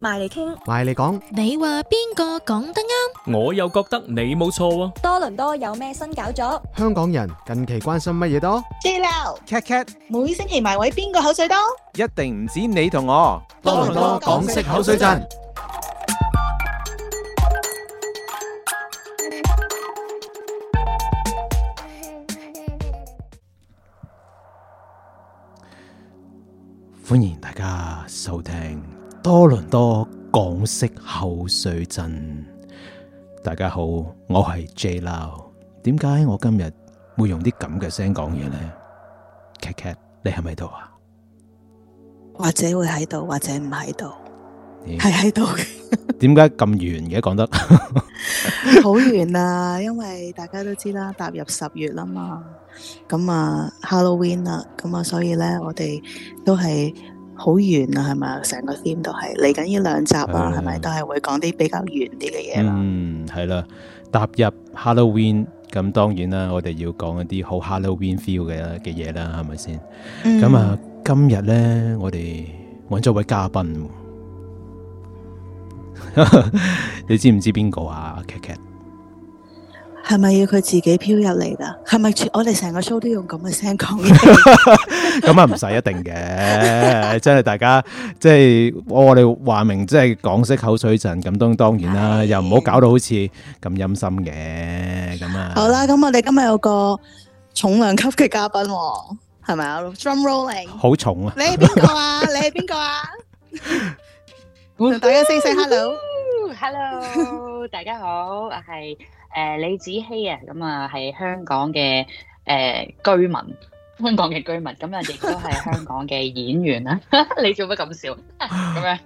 埋嚟傾，埋嚟講，你話邊個講得啱？我又覺得你冇錯。多倫多有咩新搞作？香港人近期關心乜嘢多？J Lau，Kat Kat。每星期埋位邊個口水多？一定唔止你同我。多倫多港式口水陣。歡迎大家收聽。多倫多港式口水陣，大家好，我係 JLau。點解我今日會用啲咁嘅聲講嘢呢？Kat Kat，你喺咪度啊？或者會喺度，或者唔喺度，係喺度。點解咁遠嘅講得好 遠啊？因為大家都知啦，踏入十月啦嘛，咁啊 Halloween 啦，咁啊，所以咧我哋都係。好遠啊，係咪啊？成個 team 都係嚟緊呢兩集啊，係、uh，咪都係會講啲比較遠啲嘅嘢？嗯，係啦，踏入 Halloween 咁，當然啦，我哋要講一啲好 Halloween feel 嘅嘅嘢啦，係咪先？咁、嗯、啊，今日咧，我哋揾咗位嘉賓， 你知唔知邊個啊？Kat。Kat Kat？係咪要佢自己飄入嚟㗎？係咪我哋成個 show 都用咁嘅聲講？咁啊，唔使一定嘅，真係大家即係我我哋話明，即係港式口水陣咁當當然啦，又唔好搞到好似咁陰森嘅咁啊！好啦，咁我哋今日有個重量級嘅嘉賓，係咪啊？Drum Rolling，好重啊！你係邊個啊？你係邊個啊？大家聲聲 Hello，Hello，大家好，係。誒，李紫僖啊，咁啊係香港嘅誒居民，香港嘅居民，咁亦都係香港嘅演員啦。你做乜咁笑？咁樣，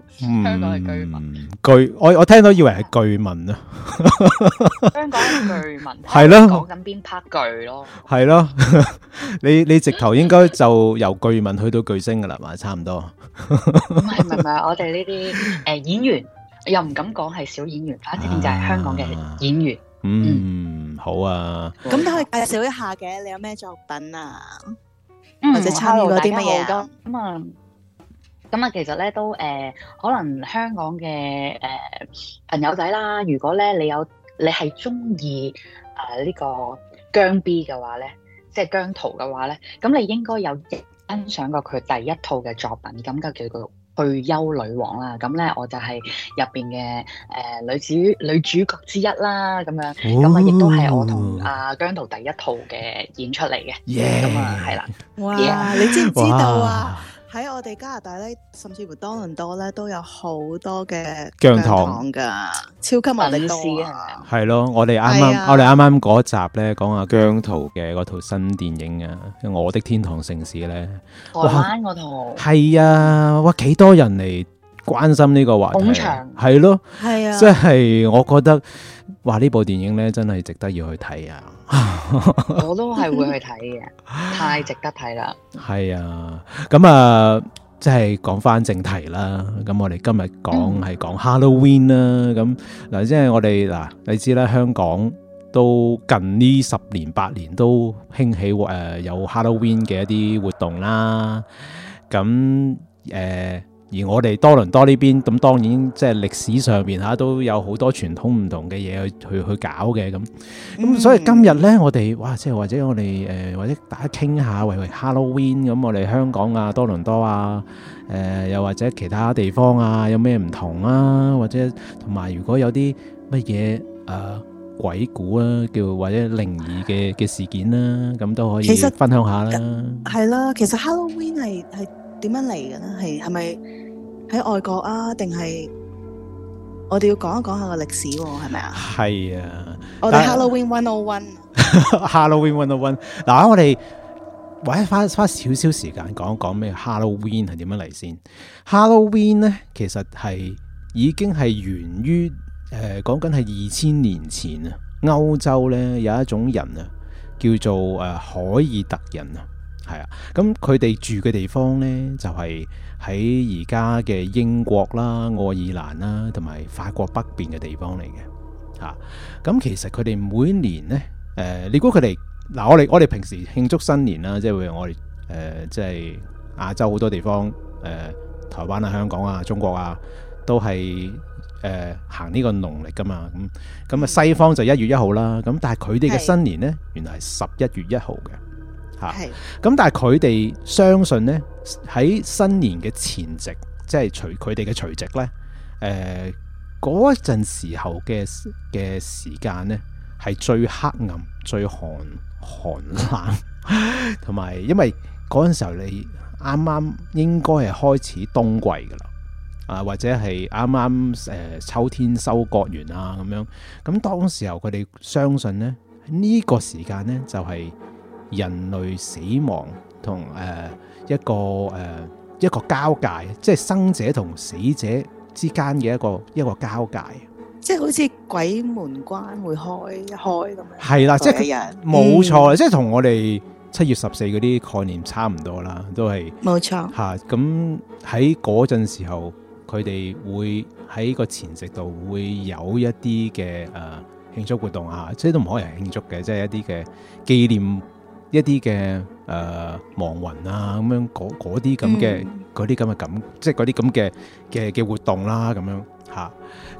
香港嘅居民巨，我我聽到以為係巨文啊。香港嘅巨文係咯，講緊邊 part 巨咯？係咯，你你直頭應該就由巨文去到巨星噶啦，嘛，差唔多。唔係唔係，我哋呢啲誒演員，又唔敢講係小演員，反正就係香港嘅演員。嗯，好啊。咁都可以介紹一下嘅，你有咩作品啊？或者參與過啲乜嘢啊？咁啊，咁啊，其實咧都誒，可能香港嘅誒朋友仔啦。如果咧你有你係中意誒呢個姜 B 嘅話咧，即係姜濤嘅話咧，咁你應該有欣賞過佢第一套嘅作品，咁就叫做。《退休女皇》啦，咁咧我就係入邊嘅誒女主女主角之一啦，咁樣，咁、oh. 啊亦都係我同阿姜濤第一套嘅演出嚟嘅，咁啊係啦，哇，yeah. 你知唔知道啊？喺我哋加拿大咧，甚至乎多倫多咧，都有好多嘅姜糖噶，超級萬利士係咯。我哋啱啱我哋啱啱嗰集咧，講阿姜濤嘅嗰套新電影啊、嗯，我的天堂城市咧，台灣嗰套係啊，哇，幾多人嚟關心呢個話題？捧場係咯，係啊，即係我覺得。哇呢部電影咧真係值得要去睇啊！我都係會去睇嘅，太值得睇啦！係啊，咁啊，即係講翻正題啦。咁我哋今日講係講 Halloween 啦。咁嗱，即係我哋嗱，你知啦，香港都近呢十年八年都興起誒有 Halloween 嘅一啲活動啦。咁誒。而我哋多倫多呢邊，咁當然即係歷史上面嚇都有好多傳統唔同嘅嘢去去去搞嘅，咁咁，所以今日咧我哋哇，即係或者我哋、呃、或者大家傾下為為 Halloween 咁，我哋香港啊、多倫多啊、呃、又或者其他地方啊有咩唔同啊，或者同埋如果有啲乜嘢鬼故啊，叫或者靈異嘅嘅事件啦、啊，咁都可以分享下啦。係啦、啊，其實 Halloween 係係點樣嚟嘅咧？係咪？喺外國啊，定係我哋要講一講一下個歷史係咪啊？係啊，我哋 Halloween one o one，Halloween one o one。嗱，我哋或者花花少少時間講一講咩 Halloween 係點樣嚟先。Halloween 咧，其實係已經係源於誒，講緊係二千年前啊，歐洲咧有一種人啊，叫做誒凱爾特人啊。係啊，咁佢哋住嘅地方呢，就係喺而家嘅英國啦、愛爾蘭啦，同埋法國北邊嘅地方嚟嘅吓。咁、啊、其實佢哋每年呢，誒、呃，你估佢哋嗱，我哋我哋平時慶祝新年啦，即、就、係、是、我哋誒，即係亞洲好多地方誒、呃，台灣啊、香港啊、中國啊，都係誒、呃、行呢個農曆噶嘛。咁咁啊，西方就一月一號啦。咁、嗯、但係佢哋嘅新年呢，是原來係十一月一號嘅。係，咁、嗯、但係佢哋相信呢，喺新年嘅前夕，即係除佢哋嘅除夕呢，誒、呃，嗰陣時候嘅嘅時間呢，係最黑暗、最寒寒冷，同 埋因為嗰陣時候你啱啱應該係開始冬季噶啦，啊或者係啱啱誒秋天收割完啊咁樣，咁當時候佢哋相信呢，呢、這個時間呢，就係、是。人類死亡同誒、呃、一個誒、呃、一個交界，即係生者同死者之間嘅一個一個交界，即係好似鬼門關會開一開咁樣。係啦，即係冇錯，嗯、即係同我哋七月十四嗰啲概念差唔多啦，都係冇錯嚇。咁喺嗰陣時候，佢哋會喺個前夕度會有一啲嘅誒慶祝活動啊，即係都唔可以係慶祝嘅，即係一啲嘅紀念。一啲嘅誒亡魂啊咁樣嗰啲咁嘅啲咁嘅感，即係啲咁嘅嘅嘅活動啦、啊、咁樣嚇。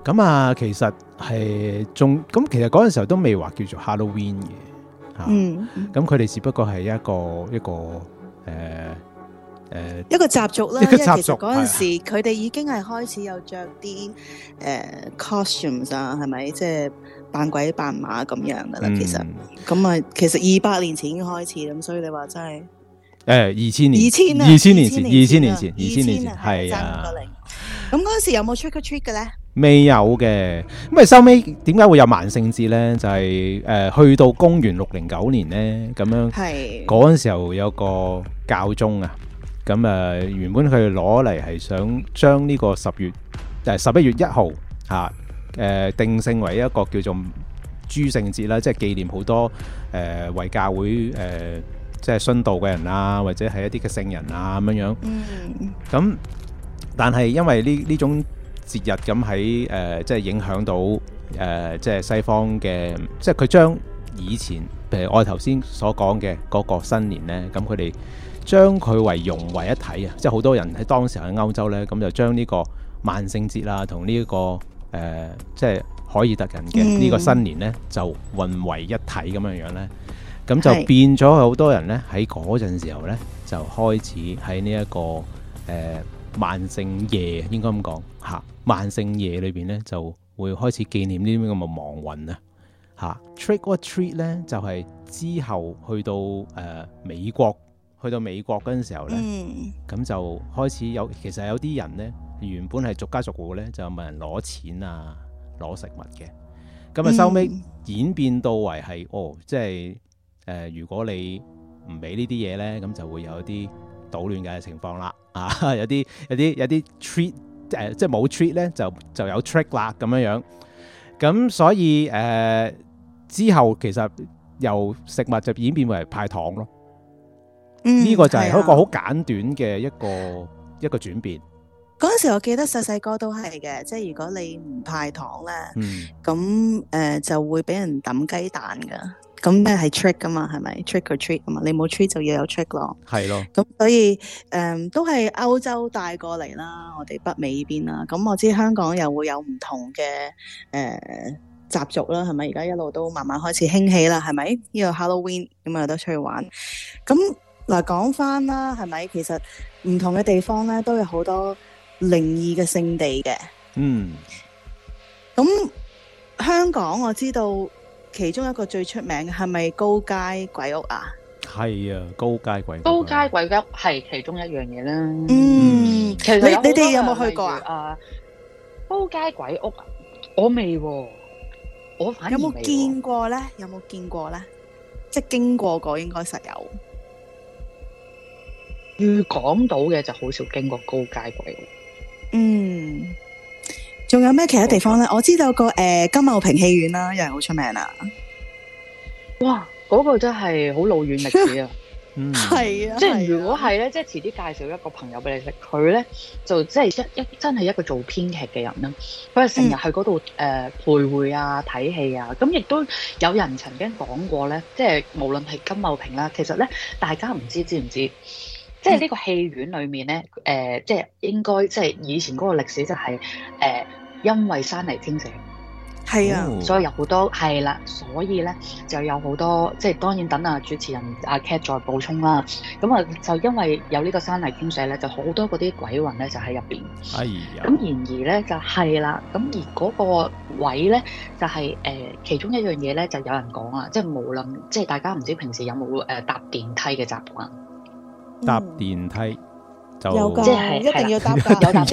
咁啊，其實係仲咁，其實嗰陣時候都未話叫做 Halloween 嘅嚇。咁佢哋只不過係一個一個誒誒、呃呃、一個習俗啦。一個習俗嗰陣時，佢哋已經係開始有着啲、uh, costumes 啊，係咪即係？扮鬼扮馬咁樣噶啦、嗯，其實咁啊，其實二百年前已經開始咁，所以你話真係誒，二、哎、千年、二千、二千年、二千年前、二千年前，係啊。咁嗰時有冇 trick 嘅咧？未有嘅，咁啊，收尾點解會有萬聖節咧？就係、是、誒、呃，去到公元六零九年咧，咁樣係嗰陣時候有個教宗啊，咁啊、呃，原本佢攞嚟係想將呢個十月誒十一月一號啊。誒、呃、定性為一個叫做諸聖節啦，即係紀念好多誒、呃、為教會誒、呃、即係殉道嘅人啊，或者係一啲嘅聖人啊咁樣樣。嗯。咁，但係因為呢呢種節日咁喺誒，即係影響到誒、呃，即係西方嘅，即係佢將以前譬如我哋頭先所講嘅嗰個新年咧，咁佢哋將佢為融為一體啊，即係好多人喺當時喺歐洲咧，咁就將呢個萬聖節啦同呢個。誒、呃，即係凱爾特人嘅呢、嗯這個新年咧，就混為一體咁樣樣咧，咁就變咗好多人咧喺嗰陣時候咧，就開始喺、這個呃啊、呢一個誒萬聖夜應該咁講嚇萬聖夜裏邊咧，就會開始紀念呢啲咁嘅亡魂啊嚇。Trick or treat 咧，就係、是、之後去到誒、呃、美國，去到美國嗰陣時候咧，咁、嗯、就開始有其實有啲人咧。原本係逐家逐戶咧，就問人攞錢啊，攞食物嘅。咁啊，收尾演變到為係、嗯、哦，即係誒、呃，如果你唔俾呢啲嘢咧，咁就會有一啲搗亂嘅情況啦。啊，有啲有啲有啲 treat 誒、呃，即係冇 treat 咧，就就有 trick 啦咁樣樣。咁所以誒、呃，之後其實由食物就演變為派糖咯。呢、嗯這個就係一個好簡短嘅一個、嗯啊、一個轉變。嗰陣時，我記得細細個都係嘅，即係如果你唔派糖咧，咁、嗯、誒、呃、就會俾人抌雞蛋㗎。咁咩係 trick 㗎嘛，係咪 trick or treat 㗎嘛？你冇 trick 就要有 trick 咯。係咯。咁所以誒、呃、都係歐洲帶過嚟啦，我哋北美依邊啦。咁我知香港又會有唔同嘅誒習俗啦，係咪？而家一路都慢慢開始興起啦，係咪？呢、呢個 Halloween 咁又得出去玩。咁嗱講翻啦，係咪？其實唔同嘅地方咧都有好多。靈異嘅聖地嘅，嗯，咁香港我知道其中一個最出名嘅係咪高街鬼屋啊？係啊，高街鬼屋，高街鬼屋係其中一樣嘢啦。嗯，其實你你哋有冇去過啊？高街鬼屋啊，我未，我反有冇見過咧？有冇見過咧？即係經過過應該實有。要講到嘅就好少經過高街鬼屋。嗯，仲有咩其他地方呢？我知道，那個誒、呃、金茂坪戲院啦，啊，又係好出名啊。哇，嗰、那個真係好老遠歷史啊！ 嗯，係啊，啊，即係如果係呢，即係遲啲介紹一個朋友俾你識，佢呢，就即係一一真係一個做編劇嘅人啦。佢係成日去嗰度誒徘徊啊、睇戲啊，咁亦都有人曾經講過呢，即係無論係金茂坪啦，其實呢，大家唔知知唔知？ 即係呢個戲院裏面咧，誒、呃，即係應該即係以前嗰個歷史就係、是、誒、呃，因為山泥傾瀉，係、哦、啊，所以有好多係啦、啊，所以咧就有好多即係，當然等啊主持人阿、啊、Cat 再補充啦。咁啊，就因為有呢個山泥傾瀉咧，就好多嗰啲鬼魂咧就喺入邊。哎呀，咁然而咧就係啦，咁、啊、而嗰個位咧就係、是、誒、呃，其中一樣嘢咧就有人講啦，即係無論即係大家唔知平時有冇誒、呃、搭電梯嘅習慣。搭電梯就、嗯、有，即、就、係、是、一定要搭，有搭一定搭，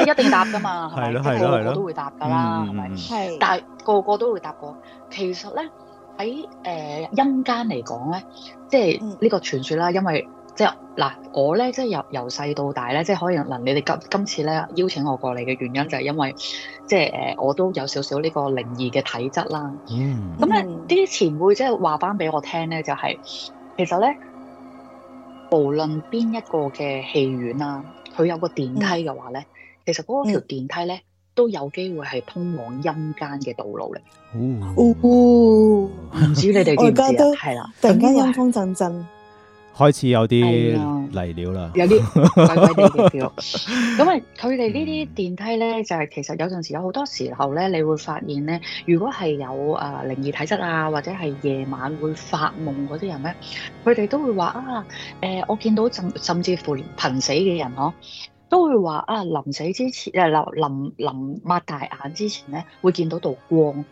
一定搭㗎嘛。係咯，係咯，係 咯 個個都會搭㗎啦。係，但個個都會搭過。其實咧喺誒陰間嚟講咧，即係呢個傳說啦。嗯、因為即係嗱，我咧即係由由細到大咧，即係可能你哋今今次咧邀請我過嚟嘅原因就係因為即係誒、呃，我都有少少呢個靈異嘅體質啦。嗯，咁咧啲前輩即係話返畀我聽咧，就係、是、其實咧。無論邊一個嘅戲院啦、啊，佢有個電梯嘅話咧、嗯，其實嗰條電梯咧都有機會係通往陰間嘅道路嚟。唔、哦哦哦、知道你哋點睇？啊？係啦，突然間陰風陣陣。開始有啲嚟料啦，有啲鬼鬼哋嘅咁啊，佢哋呢啲電梯咧，就係、是、其實有陣時有好多時候咧，你會發現咧，如果係有啊、呃、靈異體質啊，或者係夜晚會發夢嗰啲人咧，佢哋都會話啊，誒、呃、我見到甚甚至乎瀕死嘅人咯、啊，都會話啊臨死之前誒、呃、臨臨臨擘大眼之前咧，會見到道光。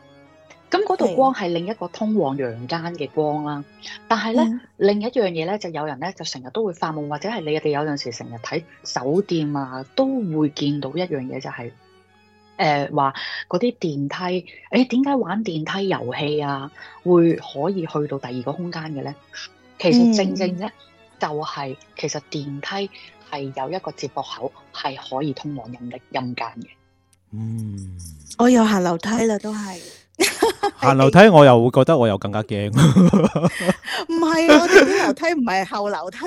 咁嗰度光係另一個通往陽間嘅光啦，但係咧、嗯、另一樣嘢咧就有人咧就成日都會發夢，或者係你哋有陣時成日睇酒店啊，都會見到一樣嘢就係、是，誒話嗰啲電梯，誒點解玩電梯遊戲啊會可以去到第二個空間嘅咧？其實正正咧、嗯、就係、是、其實電梯係有一個接駁口係可以通往陰力陰間嘅。嗯，我又行樓梯啦，都係行樓梯，我又會覺得我又更加驚。唔係啊，啲樓梯唔係後樓梯，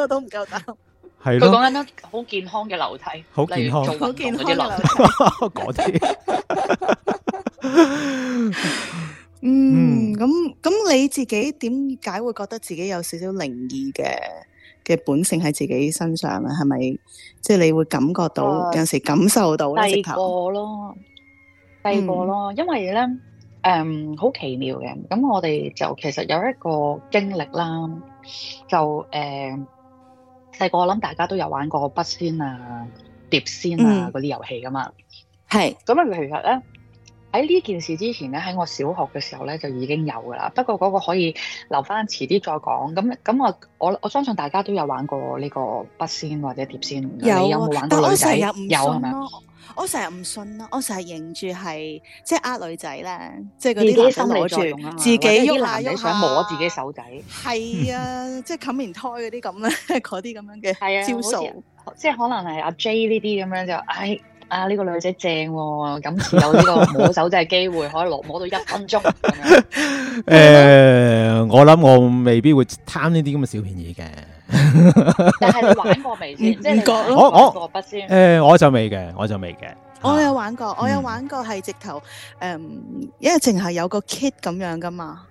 我都唔夠膽。係佢講緊都好健康嘅樓梯，好健康，好健康嗰啲樓梯。講啲，嗯，咁咁你自己點解會覺得自己有少少靈異嘅嘅本性喺自己身上啊？係咪即係你會感覺到，有時感受到呢個咯？細個咯，因為咧，誒、嗯，好奇妙嘅。咁我哋就其實有一個經歷啦，就誒，細、呃、個我諗大家都有玩過筆仙啊、碟仙啊嗰啲遊戲噶嘛。係、嗯。咁啊，其實咧喺呢件事之前咧，喺我小學嘅時候咧就已經有噶啦。不過嗰個可以留翻遲啲再講。咁咁我我我相信大家都有玩過呢個筆仙或者碟仙。有、啊。你有冇玩過女仔？有，係咪？我成日唔信咯，我成日認住係即係呃女仔咧，即係嗰啲心理作用啊，自己喐下喐下想摸自己手仔。係、嗯、啊，即係冚棉胎嗰啲咁咧，嗰啲咁樣嘅啊，招數。即係可能係阿 J 呢啲咁樣就，唉、哎，啊呢、這個女仔正喎、啊，咁今次有呢個摸手仔嘅機會，可以攞摸到一分鐘。誒、 呃，我諗我未必會貪呢啲咁嘅小便宜嘅。 但係你玩過未先？即係過筆先。誒，我就未嘅，我就未嘅。我有玩過，啊、我有玩過係、嗯、直頭，誒、嗯，因為淨係有個 kit 咁樣㗎嘛。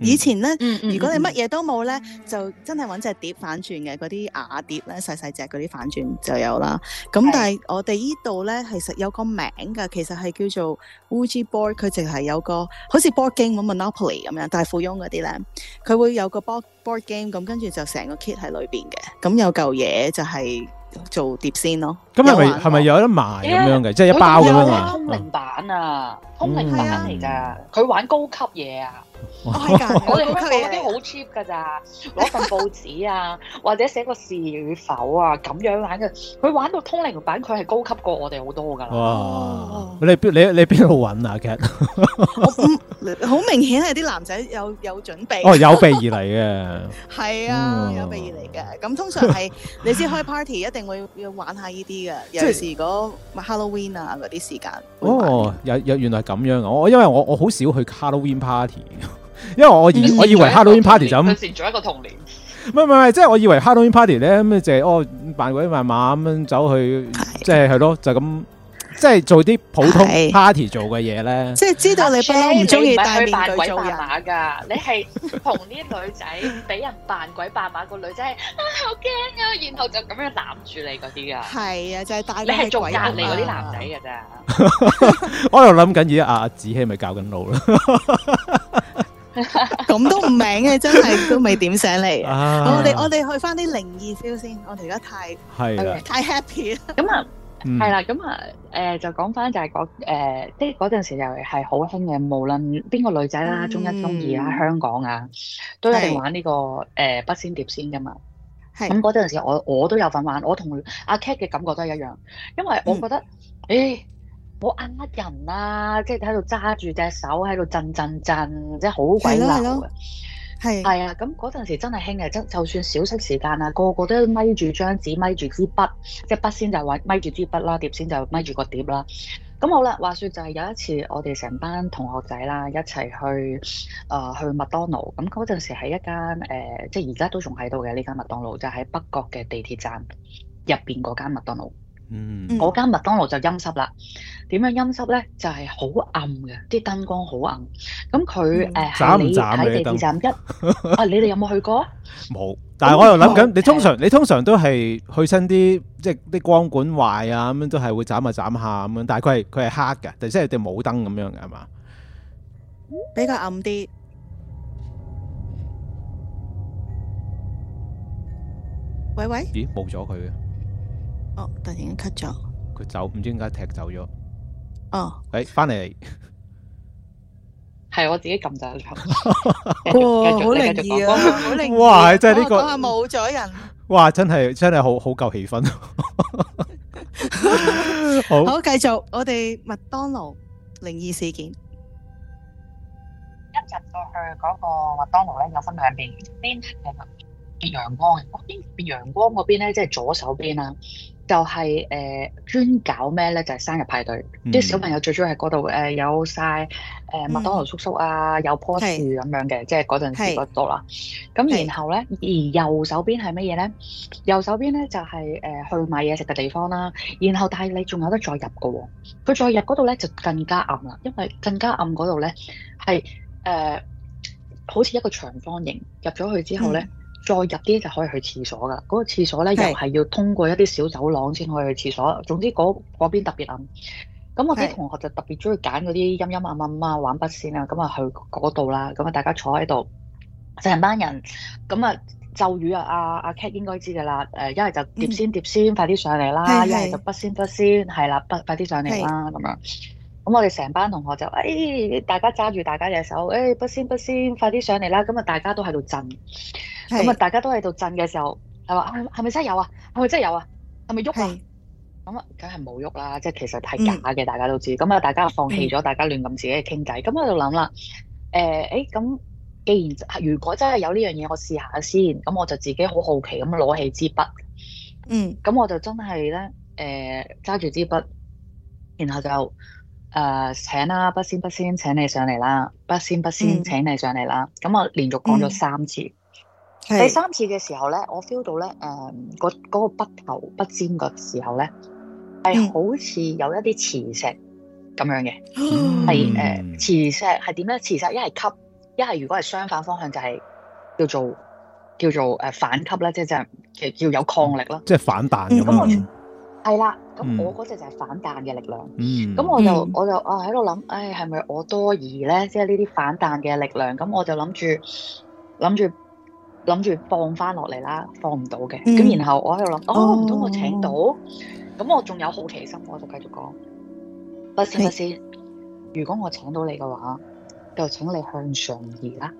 以前咧、嗯嗯嗯，如果你乜嘢都冇咧，就真係揾隻碟反轉嘅，嗰啲瓦碟咧，細細隻嗰啲反轉就有啦。咁但係我哋依度咧，其實有個名噶，其實係叫做 Ouija Board，佢淨係有個好似 Board Game 咁 Monopoly 咁樣，大富翁嗰啲咧，佢會有個 Board Board Game，咁跟住就成個 kit 喺裏邊嘅。咁有嚿嘢就係做碟先咯。咁係咪係咪有得賣咁樣嘅、啊？即係一包咁樣賣、啊啊嗯。通靈版啊，通靈版嚟㗎，佢玩高級嘢啊！我係噶，我哋啲好 cheap 噶咋，攞份報紙啊， 或者寫個是與否啊，咁樣玩嘅。佢玩到通靈版，佢係高級過我哋好多噶。哇！哦、你邊你你邊度搵啊？其實好明顯係啲男仔有有準備。哦，有備而嚟嘅。係 啊，有備而嚟嘅。咁通常係你先開 party， 一定會要玩一下呢啲嘅。尤其係 Halloween 啊嗰啲時間。哦，有有原來係咁樣。我因為我我好少去 Halloween party。因為我以我以為 Halloween Party 就咁，做一個童年。唔係唔係，即係、就是、我以為 Halloween Party 咧，咁就是、哦扮鬼扮馬咁樣走去，即係係咯，就咁、是，即、就、係、是就是、做啲普通 party 做嘅嘢咧。即、就、係、是、知道你不嬲唔中意戴面具做嘢噶、啊，你係同啲女仔俾人扮鬼扮馬個女仔係 啊好驚啊，然後就咁樣攬住你嗰啲噶。係啊，就係戴你係做隔離嗰啲男仔噶咋？ 我又諗緊而家阿紫僖咪教緊路啦。 咁 都唔明嘅，真係都未點醒嚟、啊。我哋我哋去翻啲靈異 feel 先。我哋而家太係太 happy 啦。咁啊，係、嗯、啦。咁啊，誒、呃，就講翻就係嗰誒，即係嗰陣時又係好興嘅。無論邊個女仔啦、嗯，中一、中二啦，香港啊，都一定玩呢、這個誒，筆仙、呃、筆仙碟仙噶嘛。係咁嗰陣時我，我我都有份玩。我同阿 K 嘅感覺都係一樣，因為我覺得，誒、嗯。欸我呃人啦、啊，即係喺度揸住隻手喺度震震震，即係好鬼嬲嘅。係係啊，咁嗰陣時真係興嘅，即就,就算小息時間啊，個個都咪住張紙，咪住支筆，即係筆先就咪咪住支筆啦，碟先就咪住個碟啦。咁好啦，話說就係有一次，我哋成班同學仔啦，呃、麥那一齊去誒去麥當勞。咁嗰陣時喺一間誒，即係而家都仲喺度嘅呢間麥當勞，就喺、是、北角嘅地鐵站入邊嗰間麥當勞。嗯，嗰間麥當勞就陰濕啦。點樣陰濕咧？就係、是、好暗嘅，啲燈光好暗的。咁佢誒，嗯、是你睇地鐵站一，啊， 你哋有冇去過？冇。但係我又諗緊，你通常、嗯、你通常都係去親啲、嗯，即係啲光管壞啊咁樣，都係會眨下眨下咁樣。但係佢係佢係黑嘅，即係冇燈咁樣嘅係嘛？比較暗啲。喂喂，咦？冇咗佢嘅。哦，突然間 cut 咗，佢走唔知點解踢走咗。哦，誒，翻嚟，係我自己撳咗一出。哇，好靈異啊，好靈異。哇，真係呢個冇咗人。哇，真係真係好好夠氣氛。好，繼續我哋麥當勞靈異事件。一日過去嗰個麥當勞咧，有分兩邊，邊咧其實係陽光嘅，邊係陽光嗰邊咧，即係左手邊啦。就係、是、誒、呃、專搞咩咧？就係、是、生日派對，啲、嗯就是、小朋友最中意喺嗰度誒，有晒誒麥當勞叔叔啊，嗯、有棵樹咁樣嘅，即係嗰陣時嗰度啦。咁然後咧，而右手邊係乜嘢咧？右手邊咧就係、是、誒、呃、去買嘢食嘅地方啦、啊。然後但係你仲有得再入嘅喎、哦，佢再入嗰度咧就更加暗啦，因為更加暗嗰度咧係誒好似一個長方形，入咗去之後咧。嗯。再入啲就可以去廁所噶啦，嗰、那個廁所咧又係要通過一啲小走廊先可以去廁所。總之嗰邊特別暗。咁我啲同學就特別中意揀嗰啲陰陰暗暗啊玩筆仙啦，咁啊去嗰度啦。咁啊大家坐喺度，成班人咁啊咒語啊阿阿、啊啊、Kat 應該知噶、嗯、啦。誒一係就碟仙、碟仙，快啲上嚟啦！一係就筆仙、筆仙，係啦筆，快啲上嚟啦咁樣。咁我哋成班同學就誒、哎，大家揸住大家隻手，誒筆仙、筆仙，快啲上嚟啦！咁啊大家都喺度震。咁啊！大家都喺度震嘅時候，係話係咪真係有啊？係咪真係有啊？係咪喐啊？咁啊，梗係冇喐啦！即、就、係、是、其實太假嘅、嗯，大家都知道。咁啊、嗯，大家放棄咗，大家亂咁自己去傾偈。咁喺度諗啦，誒誒，咁、欸、既然如果真係有呢樣嘢，我試下先。咁我就自己好好奇咁攞起支筆，嗯，咁我就真係咧，誒、呃，揸住支筆，然後就誒、呃，請啦、啊，筆仙筆仙，請你上嚟啦，筆仙筆仙，請你上嚟啦。咁、嗯、我連續講咗三次。嗯第三次嘅時候咧，我 feel 到咧，誒、嗯，嗰個筆頭筆尖嘅時候咧，係好似有一啲磁石咁樣嘅，係誒磁石係點咧？磁石一係吸，一係如果係相反方向就係叫做叫做誒反吸咧，即係即係其實叫有抗力咯、嗯，即係反彈咁、嗯、啊。係啦，咁、嗯、我嗰隻就係反彈嘅力量，咁、嗯、我就我就啊喺度諗，誒、哎，係咪我多疑咧？即係呢啲反彈嘅力量，咁我就諗住諗住。諗住放翻落嚟啦，放唔到嘅。咁、嗯、然後我喺度諗，哦，唔通我請到？咁、哦、我仲有好奇心，我就繼續講。不先，不先。如果我請到你嘅話，就請你向上移啦。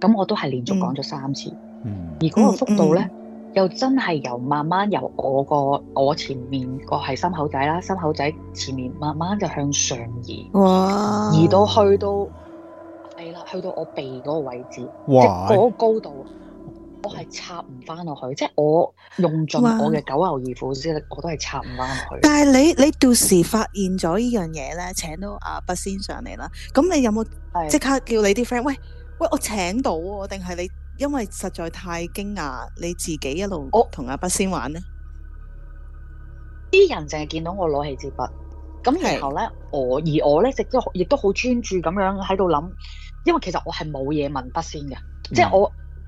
咁我都係連續講咗三次。嗯。而嗰個幅度咧、嗯嗯，又真係由慢慢由我個我前面個係心口仔啦，心口仔前面慢慢就向上移，哇！移到去到係啦，去到我鼻嗰個位置，即嗰個高度。我係插唔翻落去，即係我用盡我嘅九牛二虎之力，我都係插唔翻落去。但係你你到時發現咗呢樣嘢咧，請到阿筆仙上嚟啦。咁你有冇即刻叫你啲 friend？喂喂，我請到啊？定係你因為實在太驚訝，你自己一路我同阿筆仙玩呢？啲人淨係見到我攞起支筆，咁然後咧我而我咧亦都亦都好專注咁樣喺度諗，因為其實我係冇嘢問筆仙嘅，即係我。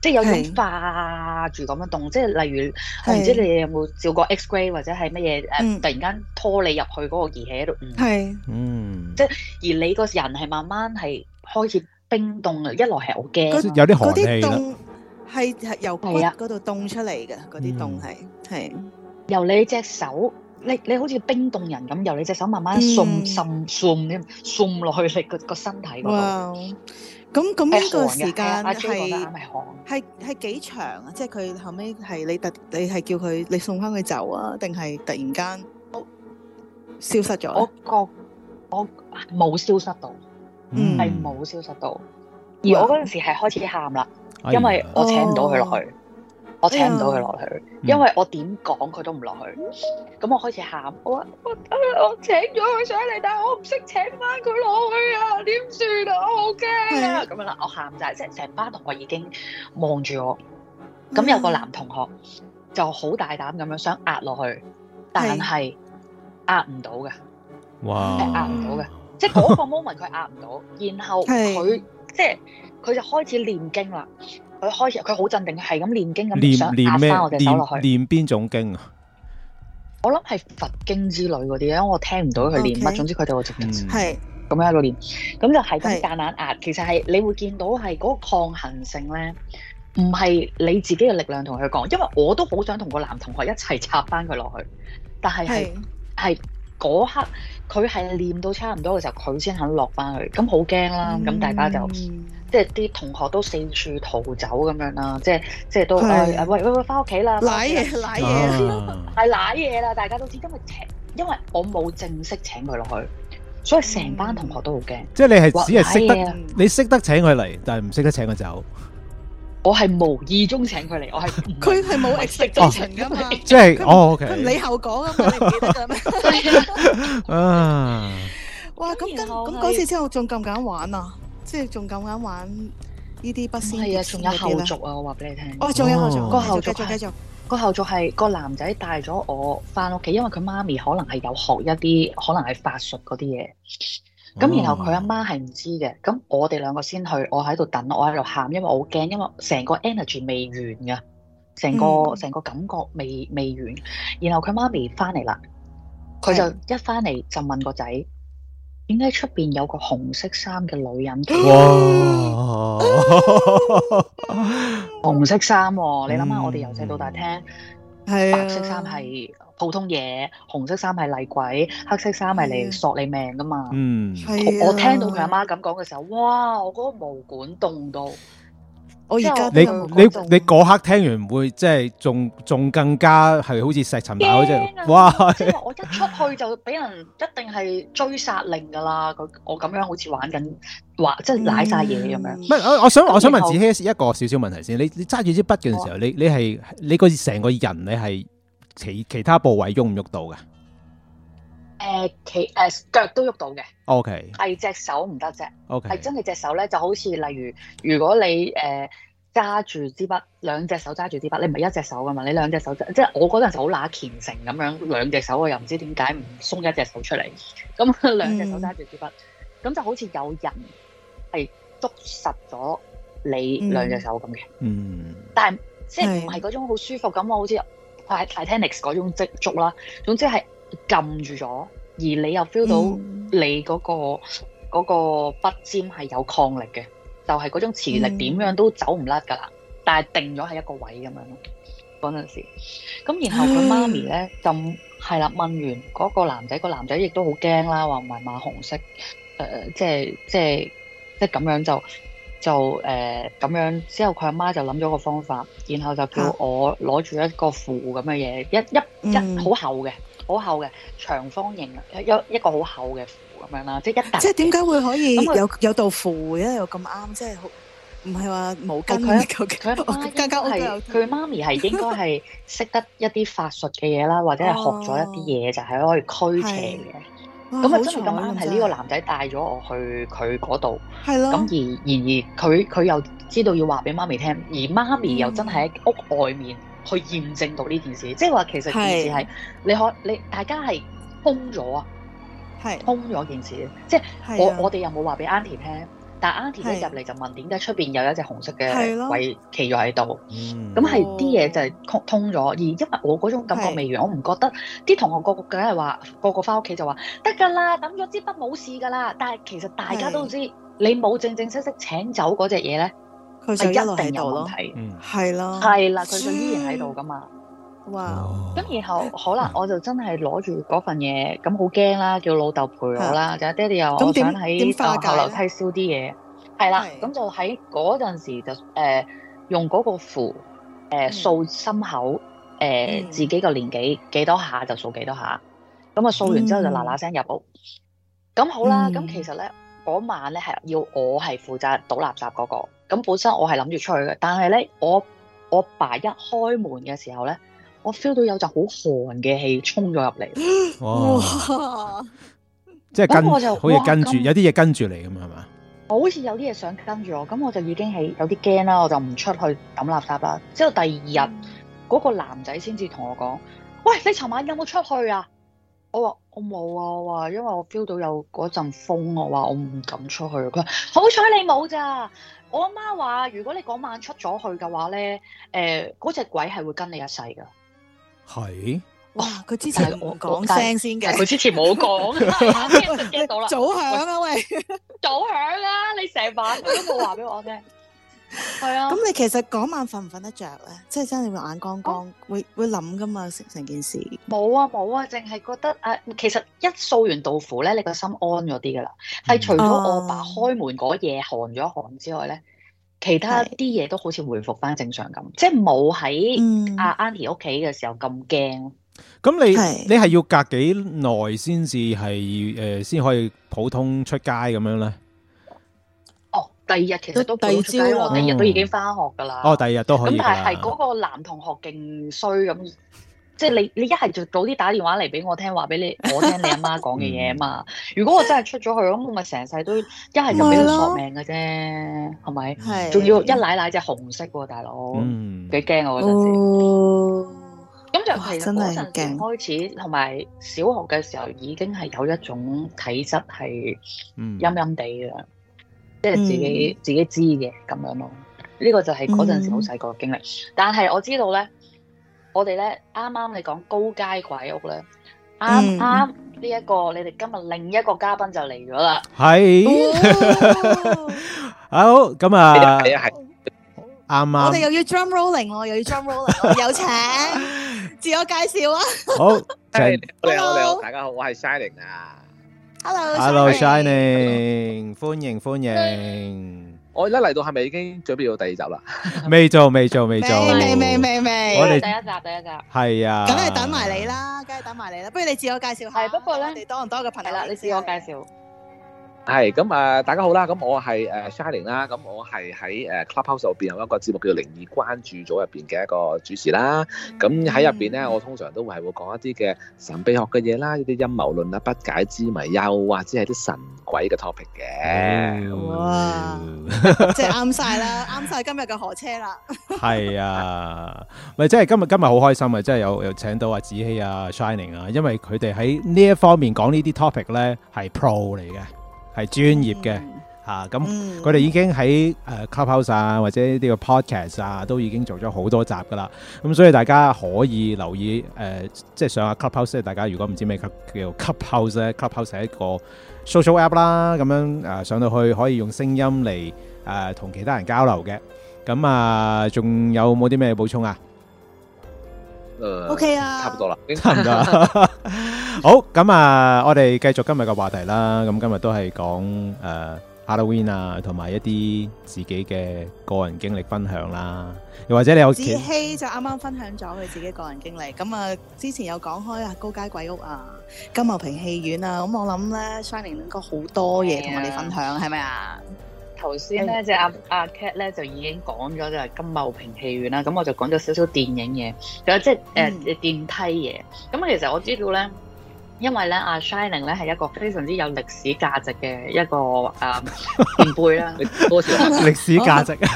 即係有融化住咁樣凍，即係例如唔知你有冇照過 X-ray 或者係乜嘢誒？突然間拖你入去嗰個儀器喺度，係，嗯，即係而你個人係慢慢係開始冰凍嘅，一來係好驚，有啲寒氣啦，係係由係啊嗰度凍出嚟嘅嗰啲凍係係由你隻手，你你好似冰凍人咁，由你隻手慢慢送送送咧送落去你個個身體嗰度。咁咁呢個時間係幾長啊？即係佢後尾係你特你係叫佢你送返佢走啊？定係突然間消失咗？我覺我冇消失到，嗯，係冇消失到。而我嗰陣時係開始喊啦、哎，因為我請唔到佢落去。哦。我請唔到佢落去，因為我點講佢都唔落去。咁、嗯、我開始喊，我話我我請咗佢上嚟，但係我唔識請翻佢落去啊！點算啊？我好驚啊！咁樣啦，我喊晒，即係成班同學已經望住我。咁有個男同學就好大膽咁樣想壓落去，但係壓唔到嘅。哇！係壓唔到嘅，即係嗰個 moment 佢壓唔到。 然後佢即係佢就開始念經啦。佢開始，佢好鎮定，係咁念經咁想壓翻我哋走落去。念邊種經啊？我諗係佛經之類嗰啲，因為我聽唔到佢念乜。總之佢哋會直。係咁喺度念，咁、嗯、就係咁夾硬壓。其實係你會見到係嗰個抗衡性咧，唔係你自己嘅力量同佢講。因為我都好想同個男同學一齊插翻佢落去，但係係係。嗰刻佢係唸到差唔多嘅時候，佢先肯落翻去，咁好驚啦！咁大家就、嗯、即係啲同學都四處逃走咁樣啦，即係即係都開、哎，喂喂喂，翻屋企啦！瀨嘢瀨嘢，係瀨嘢啦！大家都知，因為請，因為我冇正式請佢落去，所以成班同學都好驚。即係你係只係識得你識得請佢嚟，但係唔識得請佢走。我係無意中請佢嚟，我係佢係冇 expect 噶嘛？即係哦，O K。你、就是哦 okay. 佢唔理後果啊嘛？你唔記得噶咩？哇！咁咁咁嗰次之後，仲敢唔敢玩啊？即係仲敢唔敢玩呢啲筆仙嘅啊，仲有後續啊！我話俾你聽，哦，仲有，我仲個後續繼、哦、續，續，個後續係個男仔帶咗我翻屋企，因為佢媽咪可能係有學一啲，可能係法術嗰啲嘢。咁然後佢阿媽係唔知嘅，咁我哋兩個先去，我喺度等，我喺度喊，因為我好驚，因為成個 energy 未完㗎，成個成、嗯、個感覺未未完。然後佢媽咪翻嚟啦，佢就一翻嚟就問個仔，點解出面有個紅色衫嘅女人？哇！ 紅色衫、哦嗯，你諗下，我哋由細到大聽、啊、白色衫係，普通嘢，紅色衫係厲鬼，黑色衫係嚟索你命噶嘛。嗯，我聽到佢阿媽咁講嘅時候，哇！我嗰個毛管凍到。我而家，你你你嗰刻聽完唔會，即係仲仲更加係好似石沉大海即係，哇！我一出去就俾人一定係追殺令噶啦。個我咁樣好似玩緊，玩即係賴曬嘢咁樣。咩？我我想我想問紫僖一個少少問題先。你你揸住支筆嘅時候，你你係你個成個人你係？其其他部位喐唔喐到嘅？誒、呃，其誒、呃、腳都喐到嘅。O K。係隻手唔得啫。O K。係真係隻手咧，就好似例如，如果你誒揸住支筆，兩隻手揸住支筆，你唔係一隻手噶嘛？你兩隻手即係、就是、我嗰陣時好乸虔誠咁樣兩隻手，我又唔知點解唔鬆一隻手出嚟，咁兩隻手揸住支筆，咁、嗯、就好似有人係捉實咗你兩隻手咁嘅。嗯。但係即係唔係嗰種好舒服咁，嗯、我好似。係 Titanic 嗰種積足啦，總之係撳住咗，而你又 feel 到你嗰個嗰個筆尖係有抗力嘅，就係嗰種磁力點樣都走唔甩噶啦，但係定咗係一個位咁樣咯。嗰陣時，咁然後佢媽咪咧就係啦，問完嗰個男仔，個男仔亦都好驚啦，話唔係馬紅色，誒即係即係即係咁樣就。就誒咁、呃、樣，之後佢阿媽就諗咗個方法，然後就叫我攞住一個符咁嘅嘢，一一一好厚嘅，好厚嘅長方形，一一個好厚嘅符咁樣啦，即係一。即係點解會可以有有，有道符咧？因為有咁啱，即係好唔係話冇根佢媽佢媽咪係應該係識 得一啲法術嘅嘢啦，或者係學咗一啲嘢就係可以驅邪嘅。哦咁啊，真係咁啱係呢個男仔帶咗我去佢嗰度，咁、啊嗯、而然而佢佢又知道要話俾媽咪聽，而媽咪又真係喺屋外面去驗證到呢件事，即係話其實呢件事係你可你大家係通咗啊，係通咗件事，即、就、係、是、我我哋有冇話俾 Auntie 聽？但 Auntie 一入嚟就問點解出面有一隻紅色嘅鬼企咗喺度？咁係啲嘢就係通通咗，而因為我嗰種感覺未完，我唔覺得啲同學各個各個梗係話個個返屋企就話得㗎啦，等咗支筆冇事㗎啦。但係其實大家都知道你冇正正式式請走嗰隻嘢咧，佢一,一定有問題，係、嗯、啦，係啦，佢就依然喺度㗎嘛。哇！咁然後好啦、嗯、我就真係攞住嗰份嘢，咁好驚啦，叫老豆陪我啦，是地我是是就阿爹哋又想喺校樓梯燒啲嘢，係、呃、啦，咁就喺嗰陣時就誒用嗰個符誒掃、呃、心口，誒、呃嗯、自己個年紀幾多下就掃幾多下，咁啊掃完之後就嗱嗱聲入屋。咁、嗯、好啦，咁、嗯、其實咧嗰晚咧係要我係負責倒垃圾嗰、個，咁本身我係諗住出去嘅，但係咧我我爸一開門嘅時候咧。我 feel 到有陣好寒嘅氣沖咗入嚟，即係跟我就好似跟住，有啲嘢跟住你咁啊嘛！我好似有啲嘢想跟住我，咁我就已經係有啲驚啦，我就唔出去抌垃圾啦。之後第二日，嗰、嗯那個男仔先至同我講，喂，你尋晚有冇出去啊？我話我冇啊，我話因為我 feel 到有嗰陣風，我話我唔敢出去。佢話好彩你冇咋、啊，我阿媽話：如果你嗰晚出咗去嘅話咧，誒、呃、嗰、那、隻、個、鬼係會跟你一世噶。係，哇！佢之前冇講聲先嘅，佢之前冇講，驚 對 到啦，早響啊喂，早響啊！ 你成晚都冇話俾我聽，係 啊。咁你其實嗰晚瞓唔瞓得着咧？即係真係會眼光光，嗯、會會諗噶嘛成成件事。冇啊冇啊，淨係、啊、覺得誒、啊，其實一掃完道符咧，你個心安咗啲噶啦。係、嗯、除咗我爸開門嗰夜寒咗寒之外咧。其他啲嘢都好似回復翻正常咁，即係冇喺阿 Andy 屋企嘅時候咁驚。咁你你係要隔幾耐先至係誒先可以普通出街咁樣咧？哦，第二日其實都第二朝，我第二日都已經翻學噶啦。哦，第二日都可以。咁但係係嗰個男同學勁衰咁。即係你，你一係就早啲打電話嚟俾我聽，話俾你我聽你阿媽講嘅嘢啊嘛！ 如果我真係出咗去，咁我咪成世都一係就俾佢索命嘅啫，係、就、咪、係？係。仲要一奶奶隻紅色喎，大佬，幾驚我嗰陣時。咁、哦、就係嗰陣開始，同埋小學嘅時候已經係有一種體質係陰陰地嘅，即、嗯、係、就是、自己、嗯、自己知嘅咁樣咯。呢、這個就係嗰陣時好細個嘅經歷，嗯、但係我知道咧。我哋咧啱啱你講高街鬼屋咧，啱啱呢一個你哋今日另一個嘉賓就嚟咗啦，係，好，咁啊，啱啱，我哋又要 drum rolling，又要 drum rolling，有請，自我介紹啊，好，陳，你好你好，大家好，我係 Shinning 啊，Hello，Hello，Shinning，歡迎歡迎。我而家嚟到係咪已經準備到第二集啦？未 做，做未做，未做，未做，未做，未未未未。我哋第一集，第一集。係啊，梗係等埋你啦，梗係等埋你啦。不如你自我介紹下。係，不過咧，你多唔多個朋友？啦，你自我介紹。係咁啊，大家好啦，咁我係誒 Shinning 啦。咁我係喺誒 Clubhouse 入邊有一個節目叫做《靈異關注組》入邊嘅一個主持啦。咁喺入邊咧，我通常都係會講一啲嘅神秘學嘅嘢啦，一啲陰謀論啊、不解之謎又啊，即係啲神鬼嘅 topic 嘅。哇，即係啱晒啦，啱晒今日嘅火車啦。係啊，咪即係今日今日好開心啊！即係有有請到阿紫僖啊、Shinning 啊，因為佢哋喺呢一方面講呢啲 topic 咧係 pro 嚟嘅。係專業嘅，吓，咁佢哋已經喺誒 Clubhouse 啊或者呢個 Podcast 啊都已經做咗好多集噶啦，咁所以大家可以留意誒，即係上下 Clubhouse，大家如果唔知咩叫 Clubhouse 咧，Clubhouse 係一個 social app 啦，咁樣誒上到去可以用聲音嚟，誒同其他人交流嘅。咁啊，仲有冇啲咩補充啊？誒，OK 啊，差唔多啦，差唔多。 好咁啊！我哋繼續今日嘅話題啦。咁今日都係講誒 Halloween 啊，同埋一啲自己嘅個人經歷分享啦。又或者你有紫僖就啱啱分享咗佢自己個人經歷。咁啊，之前有講開啊高街鬼屋啊、金茂坪戲院啊。咁我諗咧，Shinning 應該好多嘢同我哋分享，係咪啊？頭先咧，就阿阿 Cat 咧就已經講咗就係金茂坪戲院啦。咁我就講咗少少電影嘢，有即係誒電梯嘢。咁其實我知道咧。因為咧，阿 Shinning 咧係一個非常之有歷史價值嘅一個啊前輩啦，多少歷史價值啊，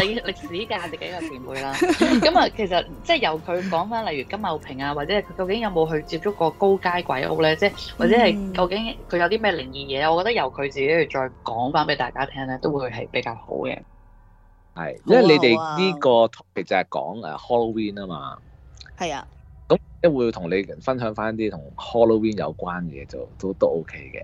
歷歷史價值嘅一個前輩啦。咁啊，其實即係由佢講翻，例如金茂坪啊，或者究竟有冇去接觸過高街鬼屋咧？即係或者係究竟佢有啲咩靈異嘢？我覺得由佢自己去再講翻俾大家聽咧，都會係比較好嘅。係，因為你哋呢個其實係講誒 Halloween 啊嘛。係啊。咁一會同你分享翻啲同 Halloween 有關嘅嘢就都都 OK 嘅，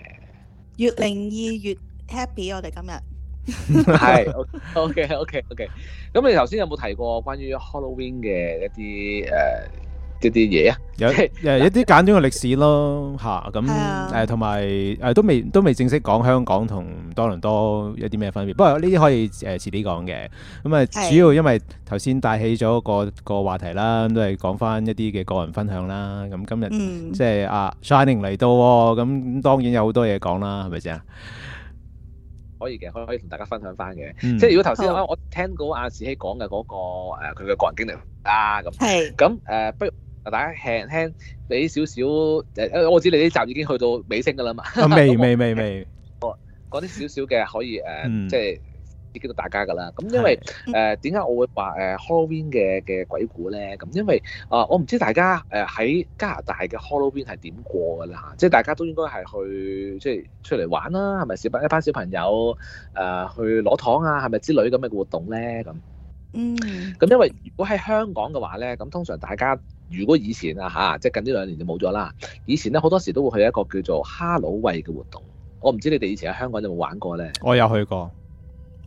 越靈異越 happy 我。我哋今日係 OK OK OK。咁你頭先有冇提過關於 Halloween 嘅一啲誒？Uh, 一啲嘢啊，有誒一啲簡短嘅歷史咯，吓，咁誒同埋誒都未都未正式講香港同多倫多一啲咩分別，不過呢啲可以誒遲啲講嘅。咁啊主要因為頭先帶起咗個個話題啦，咁都係講翻一啲嘅個人分享啦。咁今日即係阿 Shinning 嚟到，咁當然有好多嘢講啦，係咪先啊？可以嘅，可以可以同大家分享翻嘅。即係如果頭先我我聽到阿紫僖講嘅嗰個誒佢嘅個人經歷啊，咁係咁誒不。大家輕輕俾少少誒，我知你呢集已經去到尾聲噶啦嘛。未未未未， 咁講啲少少嘅可以誒，嗯、即係刺激到大家噶啦。咁因為誒點解我會話誒 Halloween 嘅嘅鬼故咧？咁因為啊、呃，我唔知大家誒喺加拿大嘅 Halloween 係點過噶啦，即係大家都應該係去即係出嚟玩啦，係咪小一班小朋友誒、呃、去攞糖啊，係咪之類咁嘅活動咧？咁嗯，咁因為如果喺香港嘅話咧，咁通常大家。如果以前啊吓，即係近呢兩年就冇咗啦。以前咧好多時都會去一個叫做哈囉喂嘅活動。我唔知你哋以前喺香港有冇玩過咧？我有去過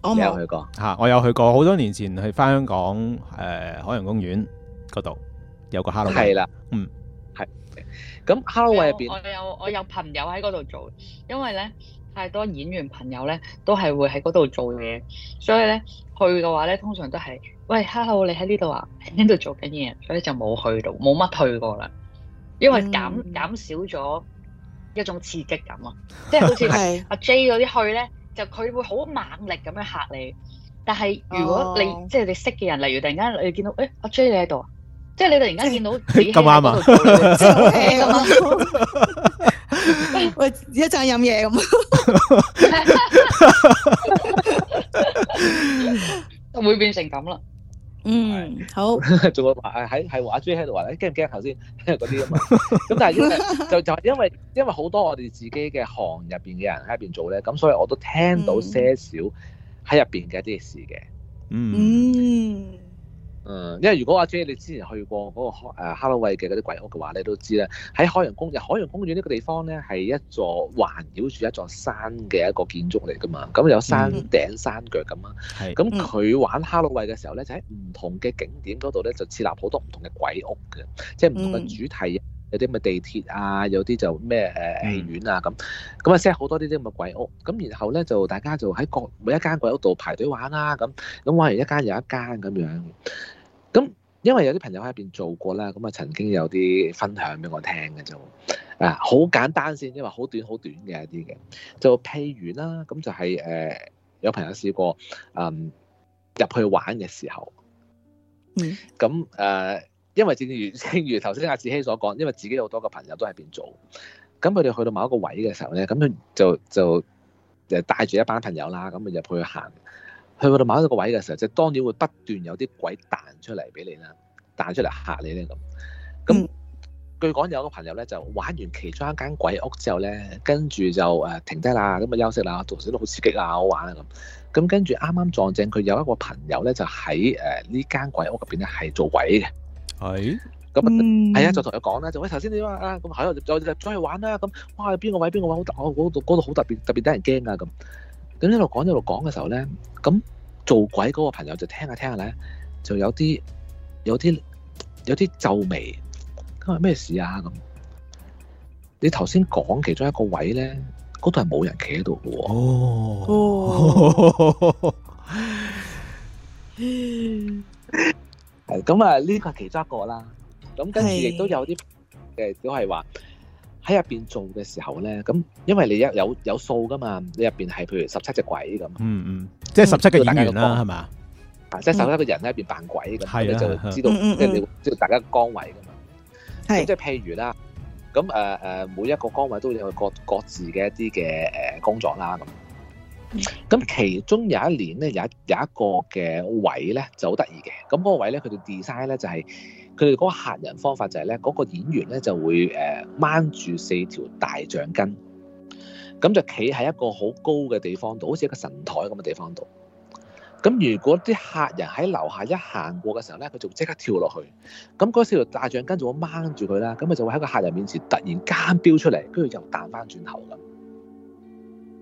，oh、你有去過，我有去過吓，我有去過。好多年前去翻香港、呃、海洋公園嗰度有個哈囉喂係啦，嗯係。咁哈囉喂入邊，我有我有朋友喺嗰度做，因為咧太多演員朋友咧都係會喺嗰度做嘢，所以咧去嘅話咧通常都係。喂，Hello，你喺呢度啊？喺呢度做緊嘢，所以就冇去到，冇乜去過啦。因為減減少咗一種刺激感啊，即係好似阿 J 嗰啲去咧，就佢會好猛力咁樣嚇你。但係如果你即係你識嘅人，例如突然間你見到誒，阿 J 你喺度啊，即係你突然間見到咁啱啊！喂，一陣飲嘢咁，就會變成咁啦。嗯，好，仲有話係喺係阿朱喺度話咧，驚唔驚頭先，聽嗰啲啊嘛，咁但係因為就就係因為因為好多我哋自己嘅行入邊嘅人喺入邊做咧，咁所以我都聽到些少喺入邊嘅一啲事嘅，嗯。嗯嗯，因為如果阿 J，你之前去過嗰個開誒 Halloween 嘅嗰啲鬼屋嘅話，你都知啦。喺海洋公園，海洋公園呢個地方咧係一座環繞住一座山嘅一個建築嚟噶嘛。咁有山頂山腳咁啊。係、嗯。咁佢玩 Halloween 嘅時候咧，就喺唔同嘅景點嗰度咧，就設立好多唔同嘅鬼屋嘅，即係唔同嘅主題。有啲咁嘅地鐵啊，有啲就咩誒戲院啊咁，咁啊 set 好多呢啲咁嘅鬼屋，咁然後咧就大家就喺各每一間鬼屋度排隊玩啦，咁咁玩完一間又一間咁樣，咁因為有啲朋友喺入邊做過啦，咁啊曾經有啲分享俾我聽嘅就，誒好簡單先，因為好短好短嘅一啲嘅，就譬如啦，咁就係誒有朋友試過嗯入去玩嘅時候，嗯，咁誒。因為正如正如頭先阿紫僖所講，因為自己有好多個朋友都喺邊做，咁佢哋去到某一個位嘅時候咧，咁佢就就誒帶住一班朋友啦，咁入去行，去到某一個位嘅時候，即係當然會不斷有啲鬼彈出嚟俾你啦，彈出嚟嚇你咧咁。咁據講有個朋友咧就玩完其中一間鬼屋之後咧，跟住就誒停低啦，咁啊休息啦，做少都好刺激啊，好玩啊咁。咁跟住啱啱撞正佢有一個朋友咧，就喺誒呢間鬼屋入邊咧係做鬼嘅。係，咁啊，係啊，就同佢講啦，就喂，頭先你話啊，咁喺度再再再玩啦，咁，哇，邊個位邊個位好特，嗰度嗰度好特別特別得人驚啊，咁，咁一路講一路講嘅時候咧，咁做鬼嗰個朋友就聽下聽下咧，就有啲有啲有啲皺眉，佢話咩事啊？咁，你頭先講其中一個位咧，嗰度係冇人企喺度嘅喎。哦。係咁啊！呢個係其中一個啦。咁跟住亦都有啲誒，都係話喺入邊做嘅時候咧，咁因為你一有有數噶嘛，你入邊係譬如十七隻鬼咁，嗯嗯，即係十七個大家個崗係嘛？啊，即係十七個人喺入邊扮鬼咁，你就知道即係你即係大家崗位噶嘛。係即係譬如啦，咁誒誒，每一個崗位都有各各自嘅一啲嘅誒工作啦咁。咁其中有一年咧，有一有一個嘅位咧就好得意嘅。咁嗰個位咧，佢哋 design 咧就係佢哋嗰個客人方法就係咧，嗰個演員咧就會誒掹住四條大橡筋，咁就企喺一個好高嘅地方度，好似一個神台咁嘅地方度。咁如果啲客人喺樓下一行過嘅時候咧，佢就即刻跳落去，咁嗰四條大橡筋就會掹住佢啦。咁佢就會喺個客人面前突然間飆出嚟，跟住又彈翻轉頭咁。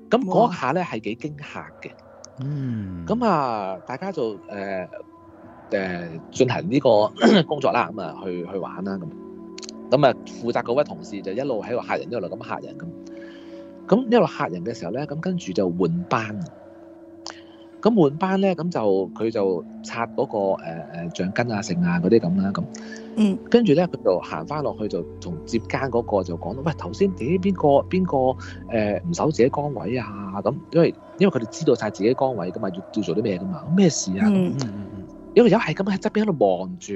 咁嗰下咧係幾驚嚇嘅，咁啊大家就誒誒、呃、進行呢個工作啦，咁啊去去玩啦，咁咁啊負責嗰位同事就一路喺度嚇人，一路咁嚇人咁，咁一路嚇人嘅時候咧，咁跟住就換班。咁換班咧，咁就佢就拆嗰、那個誒誒橡筋啊、剩啊嗰啲咁啦，咁、嗯、跟住咧佢就行翻落去，就同接間嗰個就講到，喂頭先，點邊個邊個誒唔守自己崗位啊？咁因為因為佢哋知道晒自己崗位噶嘛，要要做啲咩噶嘛，咩事啊？嗯嗯、有有係咁喺側邊喺度望住，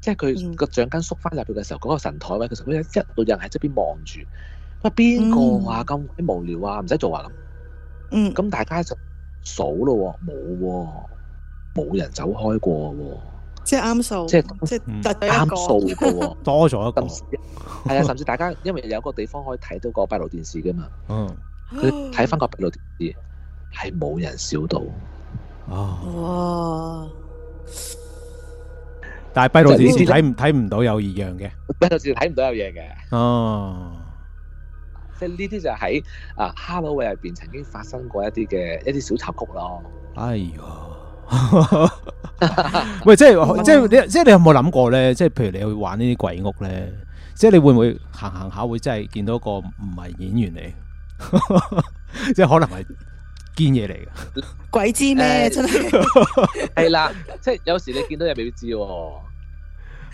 即係佢個橡筋縮翻入去嘅時候，嗰、嗯那個神台位，其實佢一一路人喺側邊望住，喂邊個啊？咁、嗯、鬼無聊啊？唔使做啊！咁嗯，咁大家就數咯，冇，冇人走開過，即係啱數，即係即係啱數嘅，多咗一個，係啊，甚至大家因為有個地方可以睇到個閉路電視嘅嘛，嗯，佢睇翻個閉路電視係冇人少到，哦，哇，但係閉路電視睇唔睇唔到有異樣嘅，閉路電視睇唔到有嘢嘅，哦。即係呢啲就喺啊哈囉喂入邊曾經發生過一啲嘅一啲小插曲咯，哎。哎喲，喂，即係即係你即係、就是、你有冇諗過咧？即、就、係、是、譬如你去玩呢啲鬼屋咧，即、就、係、是、你會唔會行行下會真係見到個唔係演員嚟，即 係可能係堅嘢嚟嘅。鬼知咩？真係係啦，即 係、 就是、有時你見到嘢未必知。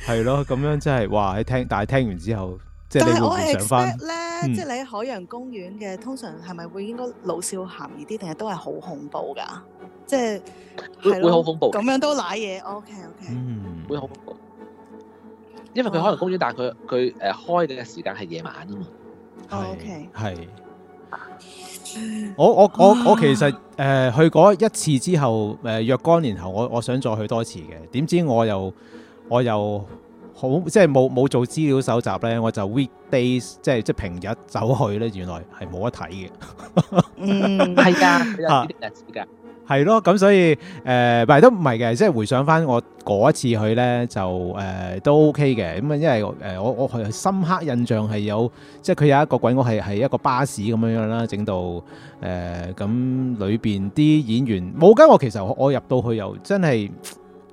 係 咯，咁樣真係話你聽，但係聽完之後。即係我 e x p 咧，嗯、即係你喺海洋公園嘅，嗯、通常係咪會應該老少咸宜啲，定係都係好恐怖噶？即係會好恐怖，咁樣都瀨嘢。OK OK，嗯，會好，因為佢海洋公園，哦、但係佢佢誒開嘅時間係夜晚、哦。OK 係，我我我我其實誒、呃、去過一次之後，誒、呃、若干年後，我我想再去多次嘅，點知我又我又。好即係冇冇做資料搜集咧，我就 weekdays 即係即係平日走去咧，原來係冇得睇嘅。嗯，係、mm，噶，比㗎。係、啊、咯，咁所以誒，唔係都唔係嘅。即係回想翻我嗰一次去咧，就誒、呃、都 OK 嘅。咁啊，因為誒我我係深刻印象係有，即係佢有一個鬼屋係係一個巴士咁樣樣啦，整到誒咁、呃嗯、裏邊啲演員冇跟我，其實我入到去又真係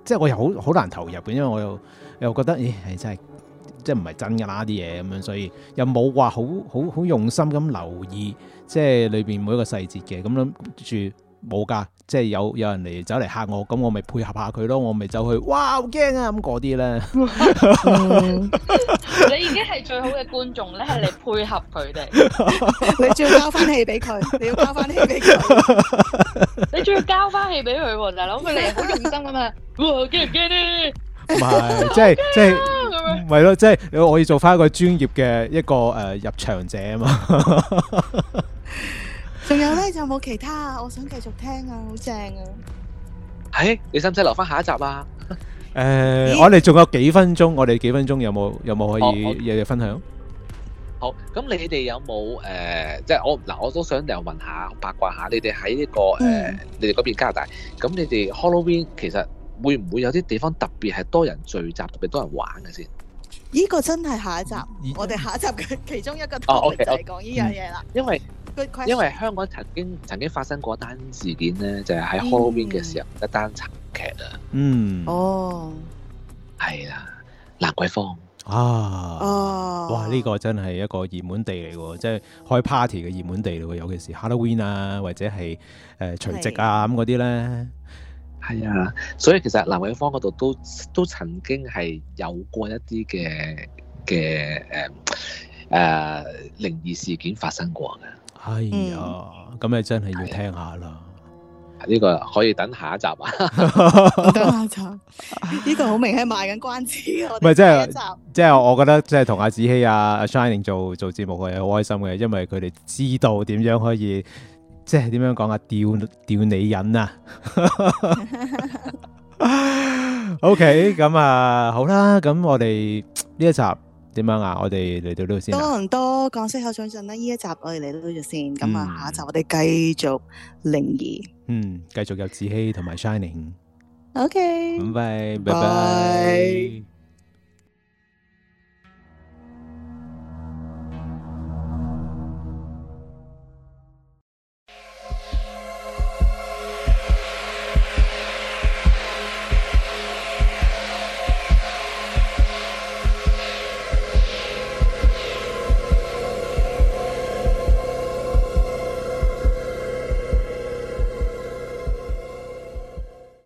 即係我又好好難投入嘅，因為我又。又覺得，咦，係真係，即係唔係真噶啦啲嘢咁樣，所以又冇話好好好用心咁留意，即係裏邊每一個細節嘅，咁諗住冇噶，即係有有人嚟走嚟嚇我，咁我咪配合下佢咯，我咪走去，哇，好驚啊！咁嗰啲咧，你已經係最好嘅觀眾咧，係你配合佢哋，你仲要交翻戲俾佢，你要交翻戲俾佢，你仲要交翻戲俾佢喎，就係攞佢嚟好用心噶嘛，哇，驚唔驚咧？唔係，即係即係，咪咯，即係我我要做翻一個專業嘅一個誒入場者啊嘛。仲有咧，就冇其他啊，我想繼續聽啊，好正啊！誒，你使唔使留翻下一集啊？誒，我哋仲有幾分鐘，我哋幾分鐘有冇有冇可以嘢嘢分享？好咁你哋有冇誒，即係我嗱，我都想又問下八卦下，你哋喺呢個誒，你哋嗰邊加拿大，咁你哋 Halloween 其實？會唔會有啲地方特別係多人聚集，特別多人玩嘅先？呢、這個真係下一集，嗯嗯嗯、我哋下一集嘅其中一個 topic、哦、就係講呢樣嘢啦。因為因為香港曾經曾經發生過一單事件咧，就係、是、喺 Halloween 嘅時候一單慘劇啊！嗯，哦，係啦、啊，蘭桂坊。啊！哦，哇！呢、這個真係一個熱門地嚟嘅，即係開 party 嘅熱門地嚟嘅，尤其是 Halloween 啊，或者係誒除夕啊咁嗰啲咧。那些呢是係啊，所以其實蘭永芳嗰度都都曾經係有過一啲嘅嘅誒誒靈異事件發生過嘅。係、嗯哎、啊，咁你真係要聽下啦。呢個可以等下一集啊。 等下一集，呢度好明顯賣緊關子。我唔係即係即係我覺得即係同阿子希啊、阿、啊、Shining 做做節目嘅，好開心嘅，因為佢哋知道點樣可以。即係點樣講啊？吊吊你癮啊！OK，咁啊好啦，咁我哋呢一集點樣啊？我哋嚟到呢度先，多倫多港式口水陣啦？呢一集我哋嚟到呢度先，咁啊下一集我哋繼續靈異，嗯，繼續有紫僖同埋 Shinning，OK，拜拜拜拜。